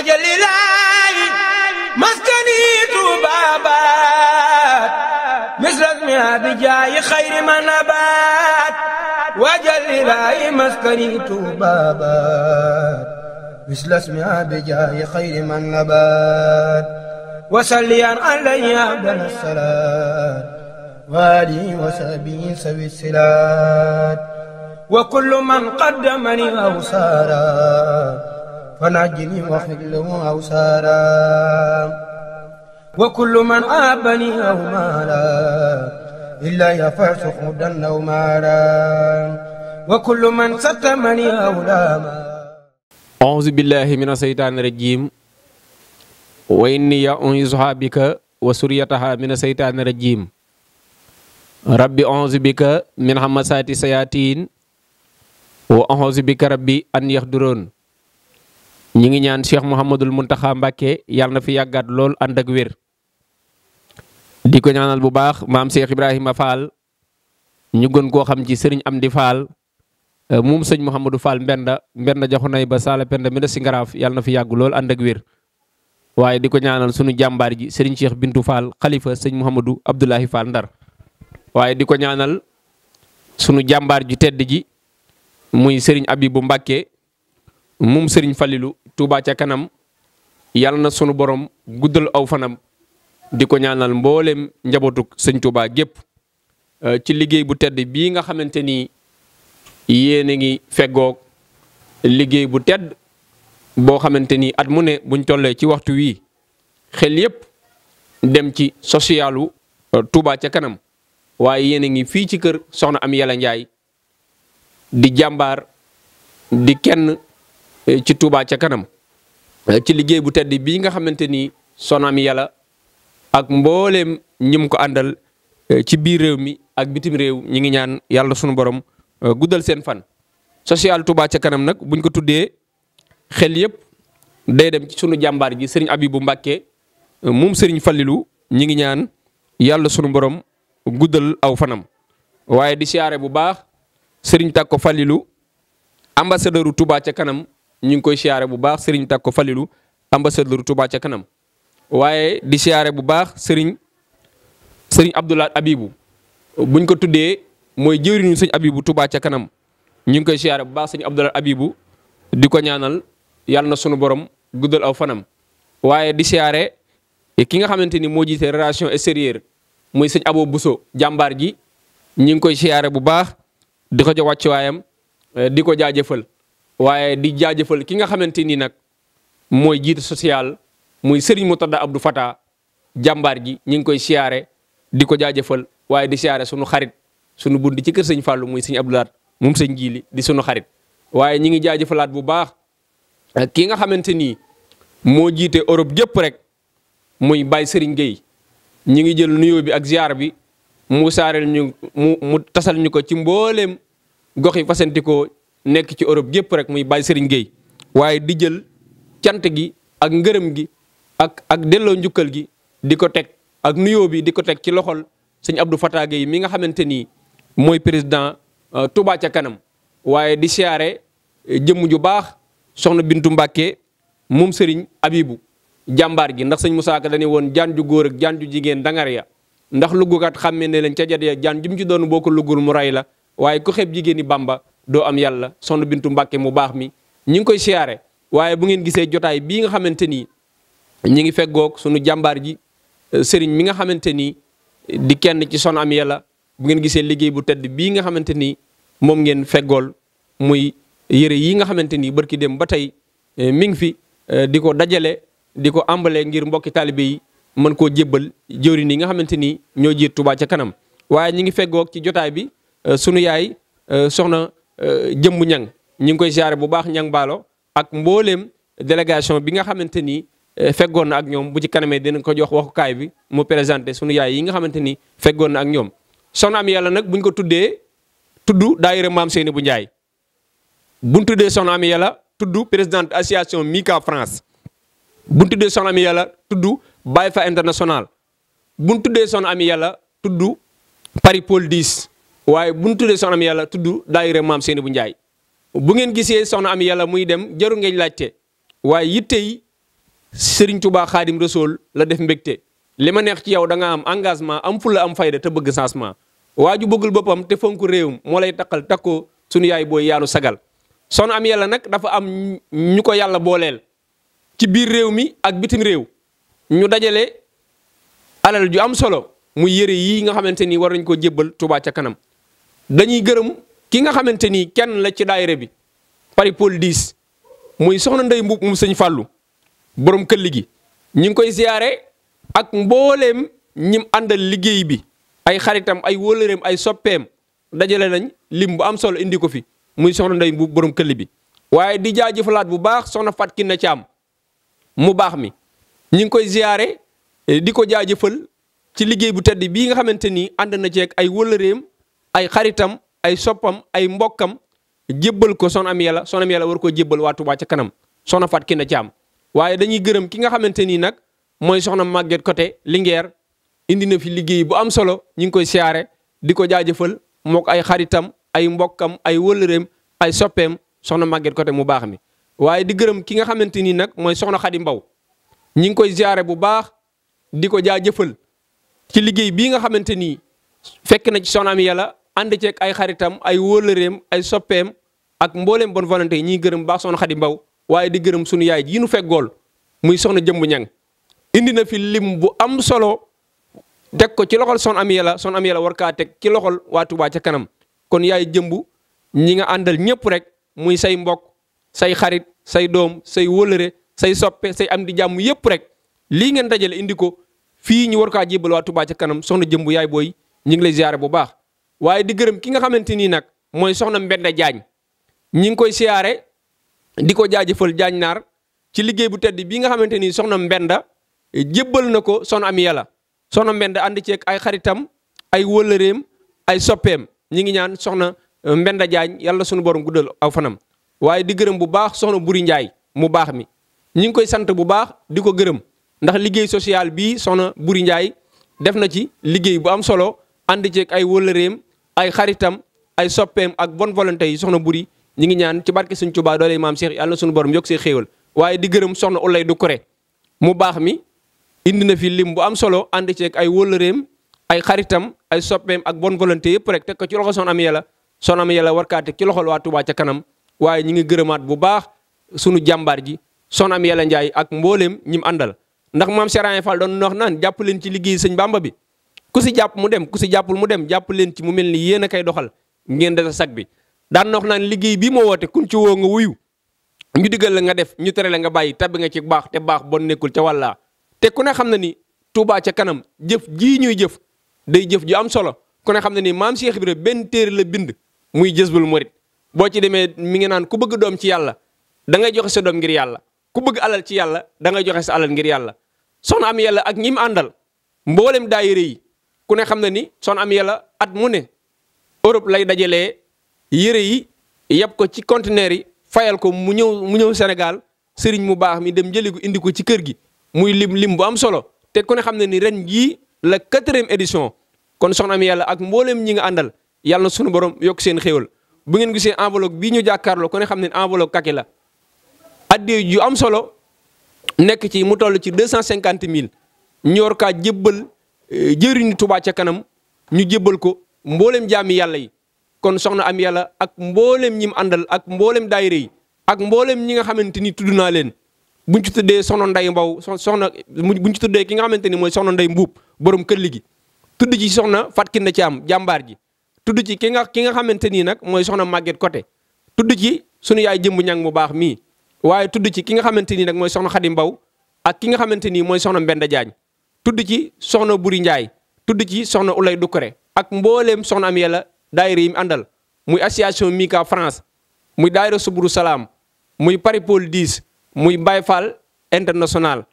majalilaayi maskani tubaabaat misras mi abijaayi xayri ma nabaat wajalilaayi maskani tubaabaat misras mi abijaayi xayri ma nabaat wasalliyan alayhi abdal salaat waalihi wa sahbihi sawi silaat wa kullu man qaddamani aw saara ونجني وحله أوسارا وكل من عابني أو مالا إلا يفعش حدا أو مالا وكل من ستمني أو لاما أعوذ بالله من الشيطان الرجيم وإني أعوذ بك وسريتها من الشيطان الرجيم ربي أعوذ بك من همسات الشياطين وأعوذ بك ربي أن يحضرون ñi ngi ñaan Cheikh Mouhamadul Mountakha Mbacke yàlla na fi yàggaat lool ànd ak di ko ñaanal bu baax maam Cheikh Ibrahima Fall ñu gën koo xam ci sëriñ Amdi Fall euh, moom sëñ Mouhamadou Fall Mbenda Mbenda Jaxunay ba Saala Penda mi da si ngaraaf yàlla na fi yàgg lool ànd ak wér. waaye di ko ñaanal sunu jàmbaar ji sëriñ Cheikh Bintu Fall xalifa sëñ Mouhamadou Abdoulahi Fall Ndar waaye di ko ñaanal sunu jàmbaar ju tedd ji muy sëriñ Abibu Mbacke. moom sëriñ falilu Touba ca kanam yàlla na sunu borom guddal aw fanam di ko ñaanal mbooleem njabootuk sëñ Touba gépp euh, ci liggéey bu tedd bii nga xamante ni yéen a ngi feggoog liggéey bu tedd boo xamante ni at mune buñ tollee ci waxtu wii xel yépp dem ci socialu euh, Touba ca kanam waaye yéen a ngi fii ci kër soxna am Yalla Ndiaye di jàmbaar di kenn. Eh, ci Touba ca kanam eh, ci liggéey bu tedd bii nga xamante ni Sonaam Yàlla ak mbooleem ñum ko àndal eh, ci biir réew mi ak bitim réew ñi ngi ñaan yàlla sunu borom guddal seen fan. social Touba ca kanam nag buñ ko tuddee xel yëpp day dem ci sunu jàmbaar ji sëriñ Abibu Mbàkke moom sëriñ falilu ñi ngi ñaan yàlla sunu boroom guddal aw fanam waaye di siyaare bu baax sëriñ Takko Fallilu ambassadeuru Touba ca kanam. ñu ngi koy siyaare bu baax sëriñ Takko Falilou ambassadeur Touba ca kanam waaye di siyaare bu baax sëriñ sëriñ Abdoulaye Abibou buñ ko tuddee mooy jëwriñu sëñ abibu Touba ca kanam ñu ngi koy siyaare bu baax sëñ Abdoulaye Abibou di ko ñaanal yàlla na sunu borom guddal aw fanam waaye di siyaare ki nga xamante ni moo jiite relation extérieure muy sëñ Abo Bousso jàmbaar ji ñu ngi koy siyaare bu baax di ko jox wàccuwaayam di ko jaajëfal. waaye di jaajëfal ki nga xamante nii nag mooy jiite social muy Serigne Moutada Abdou Fata jàmbaar ji ñu ngi koy siyaare di ko jaajëfal waaye di siyaare sunu xarit sunu bunt ci kër sëñ Fallou muy sëñ Abdou Lahat moom sëñ Jili di sunu xarit waaye ñi ngi jaajëfalaat bu baax eh, ki nga xamante ni moo jiite Europe jëpp rek muy Baye sëriñ Gueye ñi ngi jël nuyoo bi ak ziar bi mu saareel ñu mu mu tasal ñu ko ci mbooleem gox yi fasantikoo nekk ci Europe gépp rek muy Baye Serigne Gueye waaye di jël cant gi ak ngërëm gi ak ak delloo njukkal gi di ko teg ak nuyoo bi di ko teg ci loxol sëñ Abdou Fatah yi mi nga xamante ni mooy président euh, Touba ca kanam waaye di siyaare euh, jëmm ju baax soxna Bintu Mbàkke moom sëriñ Abibu jàmbaar gi ndax sëñ Moussa Ka dañuy woon jaan ju góor ak jaan ju jigéen dangar ya ndax luggukat xàmmee ne leen ca jat ya jaan ju mu ci doon boo ko luggul mu ray la waaye ku xeeb jigéen ñi Bàmba doo am yàlla sonn bintu Mbàkke mu baax mi ñu ngi koy siyaare waaye bu ngeen gisee jotaay bi nga xamante ni ñu ngi feggoog sunu jàmbaar ji euh, sëriñ mi nga xamante ni di kenn ci son am yàlla bu ngeen gisee liggéey bu tedd bii nga xamante ni moom ngeen feggool muy yére yi nga xamante ni barki dem ba tey euh, mi ngi fi euh, di ko dajale di ko àmbale ngir mbokki taalibe yi mën koo jébbal jëwriñ yi nga xamante ni ñoo jiit Tuubaa ca kanam ci jotaay bi sunu yaay soxna Euh, jëmb ñang ñi ngi koy jaare bu baax ñang baalo ak mbooleem délégation bi nga xamante ni euh, feggoon na ak ñoom bu ci kanamee dinañ ko jox waxukaay bi mu présenté sunu yaay yi xamante ni feggoon na ak ñoom soxna am yàlla nag buñ ko tuddee tudd daayira maam seeni bu njaay buñ tuddee soxna am yàlla tudd présidente association Mika France bun tuddee soxna am yàlla tudd Baye Fa international buñ tuddee soxna am yàlla tuddu Paris Paul 10 waaye bu ñu tuddee Yàlla tudd daayira maam bu Njaay bu ngeen gisee soxna Amy Yàlla muy dem jaru ngeen laajte waaye yitte yi Sëriñ Tuubaa Xaadim Rasuul la def mbégte li ma neex ci yow da nga am engagement am fulla am fayda te bëgg changement waa ju bëggul boppam te fonk réewum moo lay takkal takkoo sunu yaay booy yaanu sagal soxna Amy Yàlla nag dafa am ñu ko yàlla booleel ci biir réew mi ak bitim réew ñu dajale alal ju am solo muy yëre yi nga xamante ni war nañ koo jëbbal Tuubaa ca kanam dañuy gërëm ki nga xamante ni kenn la ci daayira bi Paris pol 10 muy soxna nday Mbuub mu sëñ Fàllu borom këll gi ñu ngi koy siyaare ak mbooleem ñim àndal liggéey bi ay xaritam ay wóolëreem ay soppeem dajale nañ lim bu am solo indi ko fi muy soxna nday Mbuub borom këll bi waaye di jaajëfalaat bu baax soxna Fat Kiné Caam mu baax mi ñu ngi koy siyaare eh, di ko jaajëfal ci liggéey bu tedd bii nga xamante ni ànd na ceeg ay wóolëreem ay xaritam ay soppam ay mbokkam jébbal ko Soxna Amy Yàlla Soxna Amy Yàlla war koo jébbal waa Touba ca kanam soxna Faat Kiné Thiam dañuy gërëm ki nga xamante nii nag mooy soxna Maguette côté Linguère indi na fi liggéey bu am solo ñu ngi koy siyaare di ko jaajëfal mook ay xaritam ay mbokkam ay wëllëreem ay soppeem soxna Maguette côté mu baax mi waaye di gërëm ki nga xamante nii nag mooy soxna Xadi Mbaw ñi ngi koy siyaare bu baax di ko jaajëfal ci liggéey bii nga xamante nii fekk na ci Soxna Amy ànd ceeg ay xaritam ay wóolëreem ay soppeem ak mbooleem bonne volonté yi ñuy gërëm baax soxna Xadi Mbaw waaye di gërëm sunu yaay yi nu feggool muy soxna jëmb ñang indi na fi lim bu am solo teg ko ci loxol son am yàlla son am yàlla war kaa teg ci loxol waa Touba ca kanam kon yaay jëmb ñi nga àndal ñëpp rek muy say mbok say xarit say doom say wóolëre say soppe say am di jàmm yëpp rek lii ngeen dajale indi ko fii ñu war kaa jébbal waa Touba ca kanam soxna jëmb yaay booy ñu ngi lay ziare bu baax. waaye di gërëm ki nga xamante nii nag mooy soxna Mbenda Diagne ñi ngi koy siyaare di ko jaajëfal Diagne naar ci liggéey bu tedd bi nga xamante ni soxna Mbenda eh, jébbal na ko soxna am Yàlla soxna Mbenda ànd ceeg ay xaritam ay wëllëreem ay soppeem ñi ngi ñaan soxna eh, Mbenda Diagne yàlla sunu borom guddal aw fanam waaye di gërëm bu baax soxna Buri Ndiaye mu baax mi ñi ngi koy sant bu baax di ko gërëm ndax liggéey social bi soxna Buri njaay def na ci liggéey bu am solo ànd ceeg ay wëllëreem ay xaritam ay soppeem ak bon volonté yi soxna Buri ñi ngi ñaan ci barke Sëñ Tuubaa doole maam Cheikh yàlla na suñu borom yokk see xéewal waaye di gërëm soxna Ulay du Kure mu baax mi indi na fi lim bu am solo ànd ceek ay wóllëreem ay xaritam ay soppeem ak bonne volonté yëpp rek teg ko ci loxo soxna am yàlla soxna am yàlla war kaa teg ci loxol waa Tuubaa ca kanam waaye ñi ngi gërëmaat bu baax sunu jàmbaar ji soxna am yàlla Njaay ak mbooleem ñim àndal ndax maam Serigne Fall doon wax jàpp leen ci liggéey sëñ Bamba bi ku si jàpp mu dem ku si jàppul mu dem jàpp leen ci mu mel ni yéen a koy doxal ngeen def sag bi daan na naan liggéey bii moo woote kun ci woo nga wuyu ñu diggal la nga def ñu tere nga bàyyi tabbi nga ci baax te baax bon nekkul ca wàllaa te ku ne xam na ni Touba ca kanam jëf jii ñuy jëf day jëf ju am solo ku ne xam na ni maam Cheikh Ibra benn téere la bind muy Jazbul Murid boo ci demee mi nga naan ku bëgg doom ci yàlla dangay joxe sa doom ngir yàlla ku bëgg alal ci yàlla da ngay joxe sa alal ngir yàlla soxna am yàlla ak ñi mu àndal mboolem daayira yi ku ne xam na ni son am yàlla at mu ne Europe lay dajalee yére yi yeb ko ci conteneur yi fayal ko mu ñëw mu ñëw Sénégal sëriñ mu baax mi dem jëli ko indi ko ci kër gi muy lim lim bu am solo te ku ne xam na ni ren jii la quatrième édition kon soxna am yàlla ak mbooleem ñi nga àndal yàlla na sunu borom yokk seen xéwal bu ngeen gisee enveloppe bii ñu jàkkaarloo ku ne xam ne enveloppe kaki la at addiya ju am solo nekk ci mu toll ci deux cent cinquante mille ñor kaa jébbal Eh, jëriñu Touba ca kanam ñu jébbal ko mboolem jaami yàlla yi kon soxna am yàlla ak mboolem ñim àndal ak mboolem daayira yi ak mboolem ñi nga xamante ni tudd naa leen buñ ci tuddee soxna nday mbaw soxna buñ ci tuddee ki nga xamante ni mooy soxna nday mbuub borom kër gi tudd ci soxna Fatou na ci am jàmbaar ji tudd ci ki nga ki nga xamante ni nag mooy soxna Maguette Côté tudd ci sunu yaay jëmb ñang mu baax mii waaye tudd ci ki nga xamante ni nag mooy soxna Xadi Mbaw ak ki nga xamante ni mooy soxna Mbenda Jaañ tudd ci soxna Buri Njaay tudd ci soxna Ulay Dukure ak mbooleem soxna am yàlla daayira yi mu àndal muy association Mika France muy daayira Suburu Salaam muy Paripol 10 muy Baye Fall international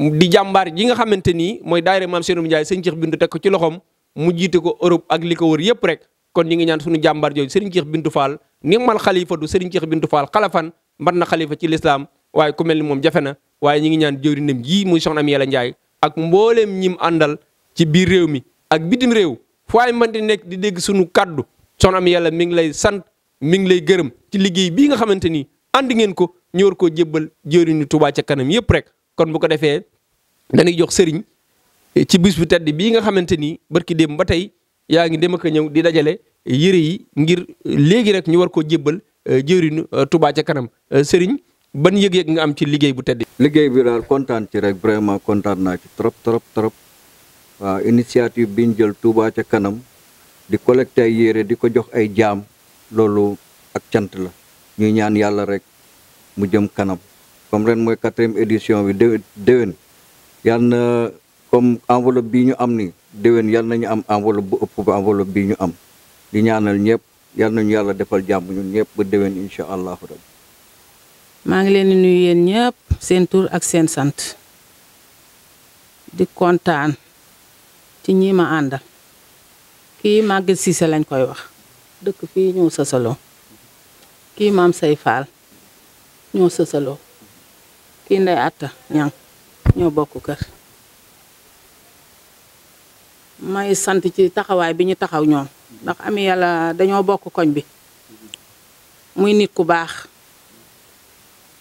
di jàmbaar ji nga xamante ni mooy daayira maam Seenum Njaay sëñ Cheikh Bintu teg ko ci loxoom mu jiite ko Europe ak li ko wër yëpp rek kon ñi ngi ñaan suñu jàmbaar jooju sëriñ Cheikh Bintu Fall ni mal xalifa du sëriñ Cheikh Bintu Fall xalafan mbat na xalifa ci lislaam waaye ku ni moom jafe na waaye ñi ngi ñaan jëwrinam ji muy soxna am yàlla ak mbooleem ñim àndal ci biir réew mi ak bitim réew waaye man di nekk di dégg suñu kàddu Soxna Amy Yàlla mi ngi lay sant mi ngi lay gërëm ci liggéey bii nga xamante ni àndi ngeen ko ñëwar koo jébbal jëriñu tubaa ca kanam yëpp rek kon bu ko defee dañuy jox sëriñ ci bis bu tedd bii nga xamante ni barki dem ba tey yaa ngi dem ak ñëw di dajale yëre yi ngir léegi rek ñu war koo jébbal euh, jëriñu euh, tubaa ca kanam euh, sëriñ ban yëg-yëg nga am ci liggéey bu tedd. liggéey bi daal kontaan ci rek vraiment kontaan naa ci trop trop trop waaw initiative bi ñu jël ca kanam di collecté ay yére di ko jox ay jaam loolu ak cant la ñuy ñaan yàlla rek mu jëm kanam comme ren mooy quatrième édition bi dé déwén yàlla na comme enveloppe bii ñu am ni déwén yàlla nañu am enveloppe bu ëpp ba enveloppe bii ñu am di ñaanal ñëpp yàlla nañu yàlla defal jàmm ñun ñëpp ba déwén incha allahu rabbi maa ngi leen di nuyu yéen ñëpp seen tur ak seen sant di kontaan ci ñii ma àndal kii Maguette Cissé lañ koy wax dëkk fii ñoo sësaloo kii maam say faal ñoo sësaloo kii ndey atta ñang ñoo bokk kër may sant ci taxawaay bi ñu taxaw ñoom ndax ami yàlla dañoo bokk koñ bi muy nit ku baax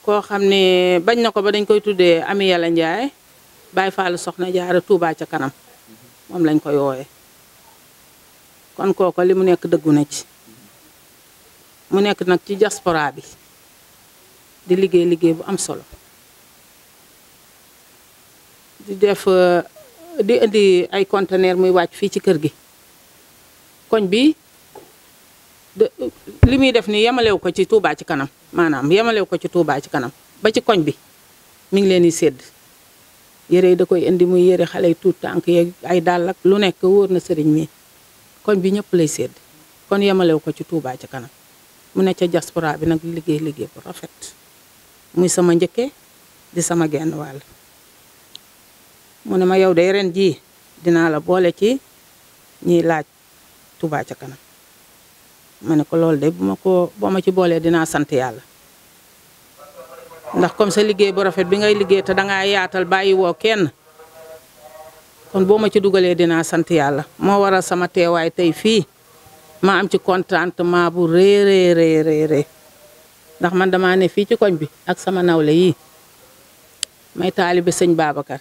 koo xam ne bañ na ko ba dañ koy tuddee Ami Yàlla Njaay Baay Faal Soxna Jaara Tuubaa ca kanam moom lañ koy wooye kon kooko li mu nekk dëggu na ci mu nekk nag ci jasporaa bi di liggéey liggéey bu am solo di def uh, di indi ay conteneur muy wàcc fii ci kër gi koñ bi li muy def ni yemalewu ko ci Tuubaa ci kanam maanaam yemalew ko ci Touba ci kanam ba ci koñ bi mu ngi leen di sédd yére yi da koy indi muy yére xale yi tuut tànk yeeg ay dàll lu nekk wóor na sëriñ mi koñ bi ñëpp lay sédd kon yemalew ko ci Touba ci kanam mu ne ca diaspora bi nag liggéey liggéey bu rafet muy sama njëkkee di sama genn wàll mu ne ma yow de ren jii dinaa la boole ci ñiy laaj Touba ca kanam ma ne ko loolu de bu ma ko boo ma ci boolee dinaa sant yàlla ndax comme sa liggéey bu rafet bi ngay liggéey te dangaa yaatal bàyyi woo kenn kon boo ma ci dugalee dinaa sant yàlla moo waral sama teewaay tey fii ma am ci contentement bu rée rée rée ndax man damaa ne fii ci koñ bi ak sama nawle yi may taalibe sëñ Babacar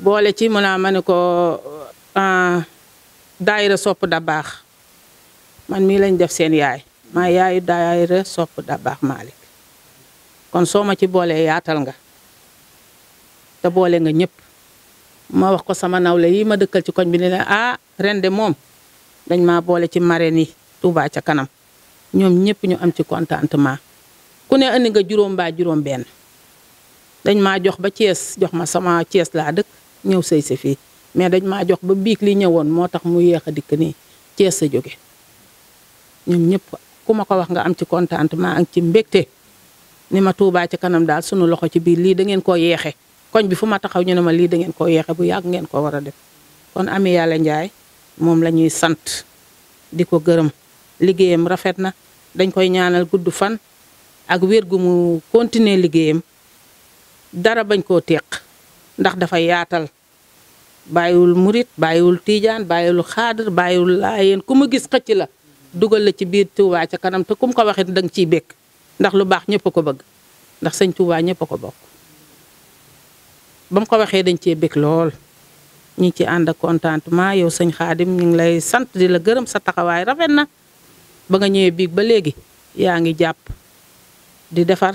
boole ci mu naa ma ne ko ah, daayira sopp da baax man mii lañ def seen yaay yaay yaayu daayira sopp da baax Malick kon soo ma ci boolee yaatal nga te boole nga ñëpp ma wax ko sama nawle yi ma dëkkal ci koñ bi ne leen ah ren de moom dañ maa boole ci marraine yi Touba ca kanam ñoom ñëpp ñu am ci contentement ku ne andi nga juróom baa juróom benn dañ maa jox ba Thiès jox ma sama Thiès laa dëkk ñëw sëy si fii mais dañ maa jox ba biig li ñëwoon moo tax mu yéex a dikk nii Thiès sa jóge ñoom ñëpp ku ma ko wax nga am ci contentement ak ci mbégte ni ma Touba ci kanam daal sunu loxo ci biir lii da ngeen koo yeexe koñ bi fu ma taxaw ñu ne ma lii dangeen ngeen koo yeexe bu yàgg ngeen ko war a def kon Amy yàlla Ndiaye moom la ñuy sant di ko gërëm liggéeyam rafet na dañ koy ñaanal gudd fan ak wér gu mu continuer liggéeyam dara bañ koo téq ndax dafa yaatal bàyyiwul murit bàyyiwul tiijaan bàyyiwul xaadir bàyyiwul laayeen ku ma gis xëcc la dugal la ci biir Touba ca kanam te kum ko waxee da nga ciy békk ndax lu baax ñëpp a ko bëgg ndax sëñ Touba ñëpp a ko bokk ba mu ko waxee dañ cee békk lool ñu ci ànd ak contentement yow sëñ Xaadim ñu ngi lay sant di la gërëm sa taxawaay rafet na ba nga ñëwee biig ba léegi yaa ngi jàpp di defar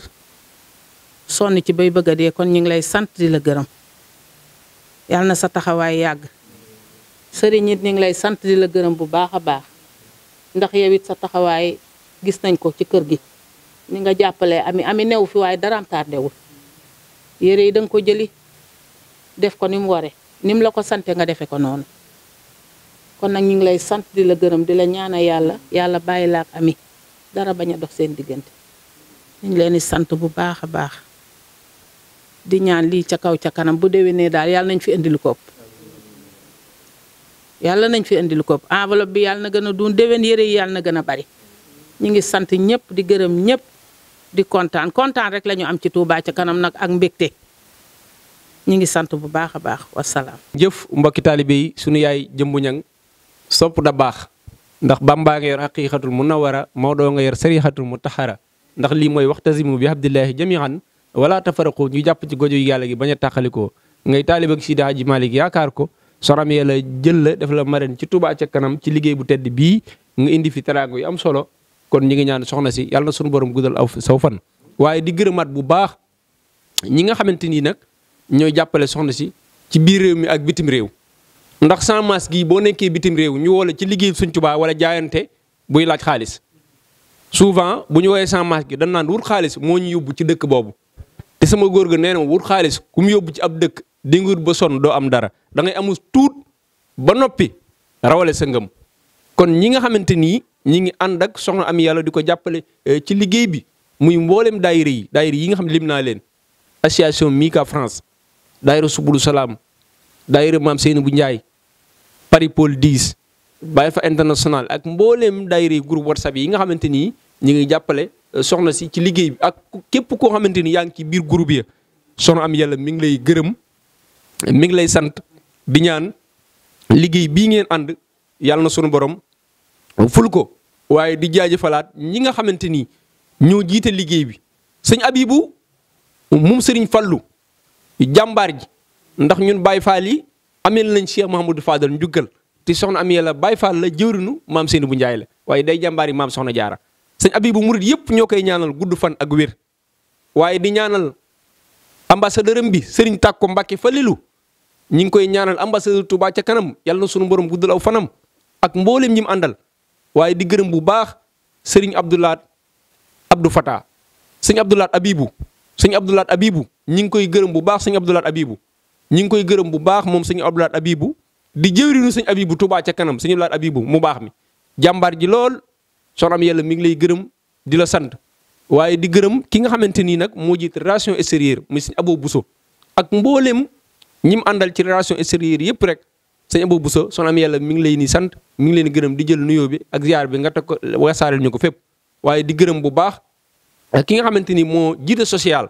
sonn ci bay bëgg a dee kon ñu ngi lay sant di la gërëm yàlla na sa taxawaay yàgg sëriñ it ñu ngi lay sant di la gërëm bu baax a baax ndax yow it sa taxawaay gis nañ ko ci kër gi ni nga jàppale ami ami new fi waaye daraam tardewul yére yi danga ko jëli def ko ni mu ware ni mu la ko sante nga defe ko noonu kon nag ñu ngi lay sant di la gërëm di la ñaana yàlla yàlla bàyyi la ami dara bañ a dox seen diggante ñu ngi leen di sant bu baax a baax di ñaan lii ca kaw ca kanam bu déwénee daal yàlla nañ fi indi ko yàlla nañ fi indi ko enveloppe bi yàlla na gën a duun déwén yére yi yàlla na gën a bari ñu ngi sant ñëpp di gërëm ñëpp di kontaan kontaan rek lañu am ci Touba ca kanam nag ak mbégte ñu ngi sant bu baax a baax wasalaam. jëf mbokki taalibe sunu yaay jëmbu ñang sopp da baax ndax Bamba nga yor xaqiqatul munawara Maodo nga yor mu taxara ndax lii mooy si waxtasimu bi abdillahi jamian wala tafaraqu ñu jàpp ci gojo yi yàlla gi bañ a tàqalikoo ngay taalibe ak Sidi Hadji Malick yaakaar ko. soram ya la jël la def la marin ci Touba ca kanam ci liggéey bu tedd bii nga indi fi teraangu yu am solo kon ñi ngi ñaan soxna si yàlla na suñu borom guddal aw saw fan waaye di gërëmaat bu baax ñi nga xamante nii nag ñooy jàppale soxna si ci biir réew mi ak bitim réew ndax sans masque boo nekkee bitim réew ñu woo ci liggéey Sëñ Tuubaa wala jaayante buy laaj xaalis souvent bu ñu woowee sans gi dañ naan wut xaalis moo ñu yóbbu ci dëkk boobu te sama góor ga nee na wut xaalis ku mu yóbbu ci ab dëkk di nga wut ba sonn doo am dara da ngay amus tuut ba noppi rawale sa ngëm kon ñi nga xamante ni ñi ngi ànd ak soxna am yàlla di ko jàppale eh, ci liggéey bi muy mboolem daayira yi daayira yi nga xam lim naa leen association Mika France daayira Subulu Salaam daayira Maam Seyni bu Njaay Paris Paul 10 Baye Fa international ak mbooleem daayira yi groupe WhatsApp yi nga xamante ni ñi ngi jàppale eh, soxna si ci liggéey bi ak képp koo xamante ni yaa ngi ci biir groupe ya soxna am yàlla mi ngi lay gërëm mi ngi lay sant di ñaan liggéey bii ngeen ànd yàlla na sunu borom ful ko waaye di jaajëfalaat ñi nga xamante ni ñoo jiite liggéey bi sëñ Abibu moom sëriñ Fallu jàmbaar ji ndax ñun Baay Faal yi lañ nañ Cheikh Mouhamadou Fadal njuggal te soxna amee la bay Faal la jëwrinu maam seeni bu Njaay la waaye day jàmbaar yi maam soxna jaara sëñ Abibu murit yëpp ñoo koy ñaanal gudd fan ak wér waaye di ñaanal ambassadeur am bi sëriñ Tàkko Mbàkke Falilu ñi ngi koy ñaanal ambassadeur Touba ca kanam yàlla na sunu borom guddal aw fanam ak mboolem ñi mu àndal waaye di gërëm bu baax sëriñ Abdoulaat Abdou Fata sëñ Abdoulaat Abibu sëñ Abdoulaat Abibu ñi ngi koy gërëm bu baax sëñ Abdoulaat Abibu ñi ngi koy gërëm bu baax moom sëñ Abdoulaat Abibu di jëwriñu sëñ Abibu Touba ca kanam sëñ Abdoulaat Abibu mu baax mi jàmbaar ji lool soxna am yàlla mi ngi lay gërëm di la sant waaye di gërëm ki nga xamante nii nag moo jiite relation extérieure muy sëñ Abo Bousso ak mboolem ñi mu àndal ci relation extérieure yëpp rek sëñ Abou Bousso son am yàlla mi ngi lay ni sant mi ngi leen gërëm di jël nuyoo bi ak ziar bi nga teg ko wasaareel ñu ko fépp waaye di gërëm bu baax ki nga xamante ni moo jiite social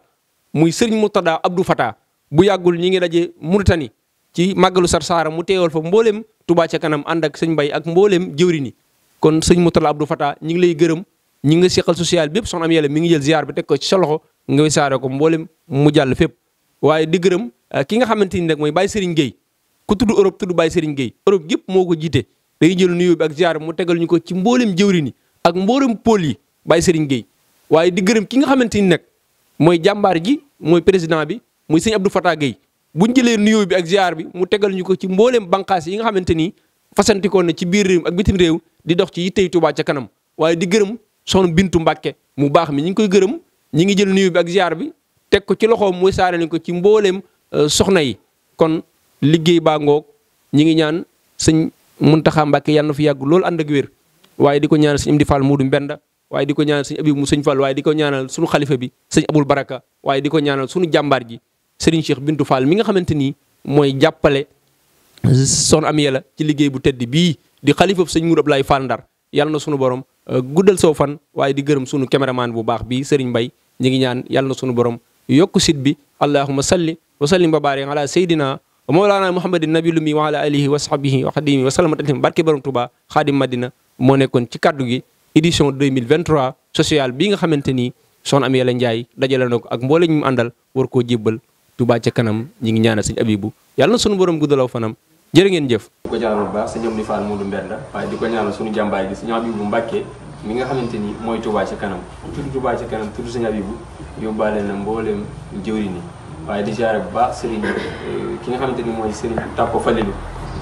muy sëriñ Murtada Abdou Fata bu yàggul ñi ngi daje Mauritanie ci màggalu Sarsara mu teewal fa mboolem Touba ca kanam ànd ak sëñ Mbay ak mboolem jëwri ni kon sëñ Murtada Abdou Fata ñi ngi lay gërëm ñi nga seqal social bépp soxna am yàlla mi ngi jël ziar bi teg ko ci sa loxo nga wasaare ko mboolem mu jàll fépp waaye di gërëm euh, ki nga xamante ni nag mooy bay Serigne géey ku tudd Europe tudd Baye Serigne Gueye Europe yëpp moo ko jiite dañuy jël nuyoo bi ak ziar mu tegal ñu ko ci mboolem jëwrin yi ak mboolem yi Baye Serigne Gueye waaye di gërëm ki nga xamante ni nag mooy jàmbaar ji mooy président bi muy sëñ Abdou Fatah Gueye buñ jëlee nuyoo bi ak ziar bi mu tegal ñu ko ci mboolem bànqaas yi xamante ni fasantikoon na ci biir réew ak bitim réew di dox ci yittey Touba ca kanam waaye di gërëm soxna Bintu Mbàkke mu baax mi ñu ngi koy gërëm ñi ngi jël nuyoo bi ak ziar bi teg ko ci loxoom muy saare nañ ko ci mbooleem euh, soxna yi kon liggéey baa ngoog ñi ngi ñaan sëñ Muntaxa Mbàkke yàlla na fi yàgg loolu ànd ak wér waaye di ko ñaanal sëñ Amdi Fall Muudu Mbenda waaye di ko ñaanal sëñ mu sëñ Fall waaye di ko ñaanal suñu xalifa bi sëñ Abul Baraka waaye di ko ñaanal suñu jàmbaar ji sëriñ Cheikh Bintu Fall mi nga xamante ni mooy jàppale son am yella ci liggéey bu tedd bii di xalifa sëñ Mourou Ablaye Fall Ndar yàlla na suñu borom euh, guddal soo fan waaye di gërëm suñu caméraman bu baax bii sëriñ Mbay ñi ngi ñaan yàlla na suñu borom yokk site bi allahuma salli wa sallim wa baarik ala sayyidina wa mawlaana muhammadin nabiyyil ummi wa ala alihi wa sahbihi wa xadimi wa salama taslima barke borom Tuuba xaadim madina moo nekkoon ci kaddu gi édition 2023 sociale bii nga xamante ni soxna Amy Yàlla Ndiaye dajale na ko ak mboole ñu mu àndal war koo jébbal Tuuba ca kanam ñi ngi ñaanal sëñ Abibu yàlla na sunu borom guddalaw fanam jërë ngeen jëf. di ko ñaanal bu baax sëñ Amdi Fall Moodu Mbenda waaye di ko ñaanal sunu jàmbaay gi sëñ Abibu Mbàkke mi nga xamante ni mooy Touba ci kanam tudd Touba ci kanam tudd sëñ Abibu yóbbaale na mbooleem jëwri ni waaye di ziare bu baax sëriñ ki nga xamante ni mooy sëriñ Tàkko Falilu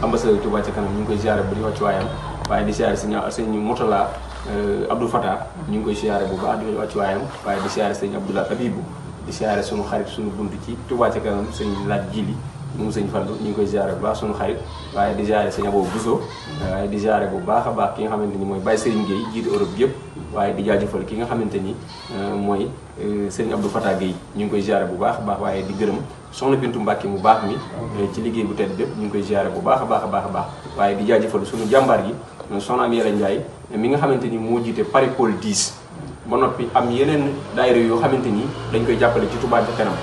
ambassadeur Touba ci kanam ñu ngi koy ziare bu di wàccu waayam waaye di ziare sëñ sëñ Murtala euh, Abdou Fata ñu ngi koy ziare bu baax waayam waaye di ziare sëñ Abdoulaye Abibu di ziare sunu xarit suñu bunt ci Touba ci kanam suñu Laat Jili moom sëñ Fallou ñu ngi koy ziare bu baax suñu xarit waaye di ziare sëñ Abo Bousso waaye di ziare bu baax a baax ki nga xamante ni mooy Baye Serigne Gueye jiite Europe yëpp waaye di jaajëfal ki nga xamante ni euh, mooy euh, sëñ Abdou Fatah Gueye ñu ngi koy ziare bu baax a baax waaye di gërëm soxna Bintu Mbacke mu baax mi euh, ci liggéey bu tedd bépp ñu ngi koy ziare bu baax a baax baax a baax waaye suñu jàmbaar yi soxna am Yàlla Ndiaye mi nga xamante ni moo jiite Paris Pôle diis ba noppi am yeneen daayira yoo xamante ni dañ koy jàppale ci Touba ca kanam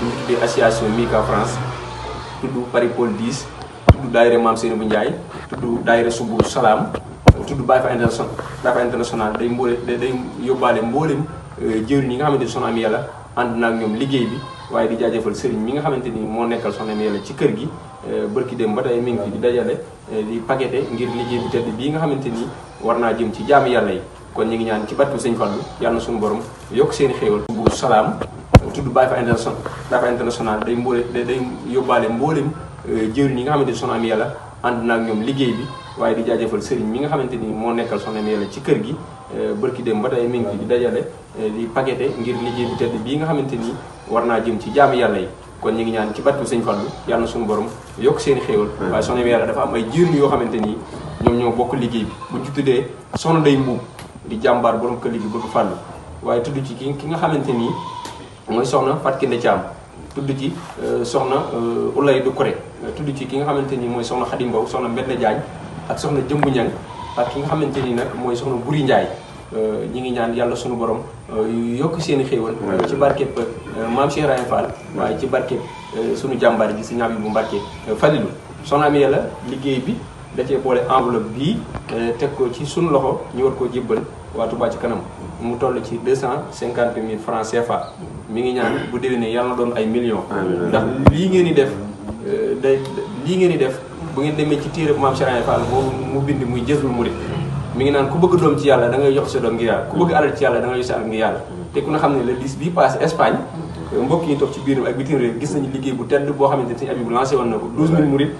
bu ñu tuddee association Mika France tudd Paris Paul 10 tudd daayira Maam Seynabou Ndiaye tudd daayira Subu Salaam tudd Baye Fall international Baye Fall international day mboole day yóbbaale mboolem euh, jëwriñ yi nga xamante ni Soxna Amy Yàlla ànd naag ñoom liggéey bi waaye di jaajafal sëriñ mi nga xamante ni moo nekkal Soxna Amy Yàlla ci kër gi euh, bërki dem ba tey mi ngi fi di dajale euh, di paqueté ngir liggéey bu tedd bii nga xamante ni war naa jëm ci jaamu yàlla yi kon ñu ngi ñaan ci battu sëñ Fallu yàlla suñu borom yokk seen xéewal bu salaam tudd Baye Fall international Baye Fall international day mboole day yóbbaale mboolem euh, jëwriñ yi nga xamante ni Soxna Amy Yàlla ànd naag ñoom liggéey bi waaye di jaajëfal sëriñ mi nga xamante ni moo nekkal Soxna Amy Yàlla ci kër gi euh, bërki dem ba tey mi ngi di dajale euh, ngir liggéey bi tedd bii nga xamante ni war naa jëm ci jaamu yàlla yi kon ñu ngi ñaan ci battu sëñ Fallu yàlla na suñu borom yokk seen i xéewal waaye Soxna Amy Yàlla dafa am ay jëwriñ yoo xamante ni ñoom ñoo bokk liggéey bi buñ ci tuddee day mbuub di jàmbaar borom kër gi bëgg fàllu ni mooy soxna Fatou Kiné Thiam tudd ci euh, soxna euh, Oulaye Doucouré tudd ci ki nga xamante ni mooy soxna Khady Mbow soxna Mbène Diagne ak soxna Jëmbu Ñang ak ki nga xamante ni nag mooy soxna Buri Ndiaye euh, ñi ngi ñaan yàlla suñu borom yokk seen i xéewal ci barkeb maam si Ibrahima Fall waaye ci barkeb suñu jàmbaar gi si ñaab bi bu Mbàkke Falilu soxna am yàlla liggéey bi da cee boole enveloppe bii teg ko ci suñu loxo ñu war koo jébbal waatu Touba ci kanam mu toll ci deux cent cinquante mille francs CFA. mi ngi ñaan bu déwénee yàlla na doon ay millions. ndax lii ngeen di def euh, day lii ngeen di def bu ngeen demee ci téere maam Cheikh Fall mu bind muy jëful murid mu ngi naan ku bëgg doom ci yàlla da ngay jox sa doom ngir yàlla ku bëgg alal ci yàlla da ngay sa alal ngir yàlla. te ku na xam ne le 10 bii passé Espagne. mbokk yi ñu toog ci biiram ak bitim réew gis nañu liggéey bu tedd boo xamante ne Serigne Abibou lancé woon na ko 12000 murid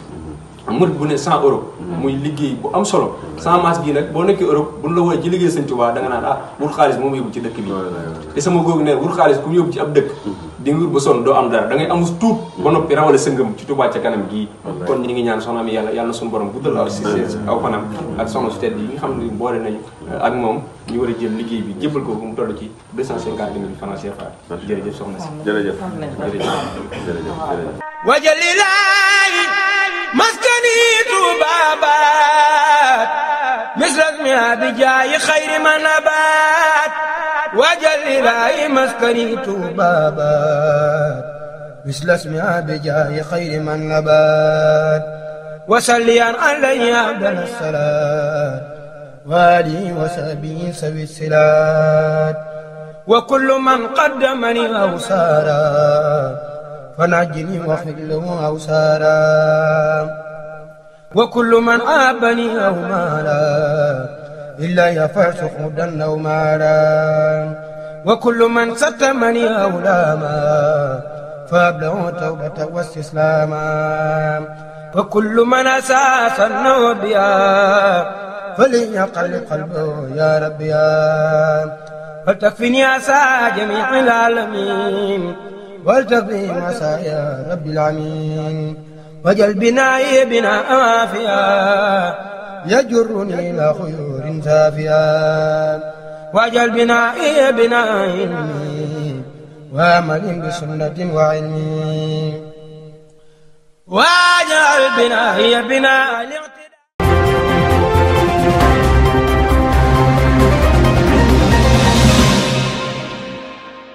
murid bu ne 100 euros. Hmm. muy liggéey bu am solo. 100 masse bii nag boo nekkee Europe bu ñu la wooyee ci liggéey Sëñ Tuubaa da nga naan ah wut xaalis moom yóbbu ci dëkk bi. te sama googu ne wut xaalis ku mu yóbbu ci ab dëkk. Hmm. di nguur ba sonn doo am dara da ngay tuut. ba hmm. noppi rawale sëngëm ci Tuubaa ca kanam gii. kon ñu su tedd yi nga xam ne boole nañu. ak moom ñu war a jël liggéey bi jébbal ko mu toll ci 250 mille francs CFA. jërëjëf soxna si jërëjëf jërëjëf بابات مثلك ما بجاي خير ما نبات وجل إلهي مسكني بابات مثل اسمها بجاي خير من نبات وصليا علي عبد الصلاة والي وسبي سوي الصلات وكل من قدمني أوسارا فنجني وخله أوسارا وكل من عابني أو مالا إلا يفسخ دنا ومالا وكل من ستمني أو لاما فأبلغ توبة واستسلاما وكل من أساس النوبيا فليقل قلبه يا ربيا فلتكفني عسى جميع العالمين ولتقضي مسايا رب العالمين wajal binaaye binaa amaafiya yajurruni la xuyurin saafiya wajal binaaye binaa ilmi wa amalin bi sunnatin wa ilmi wajal binaaye binaa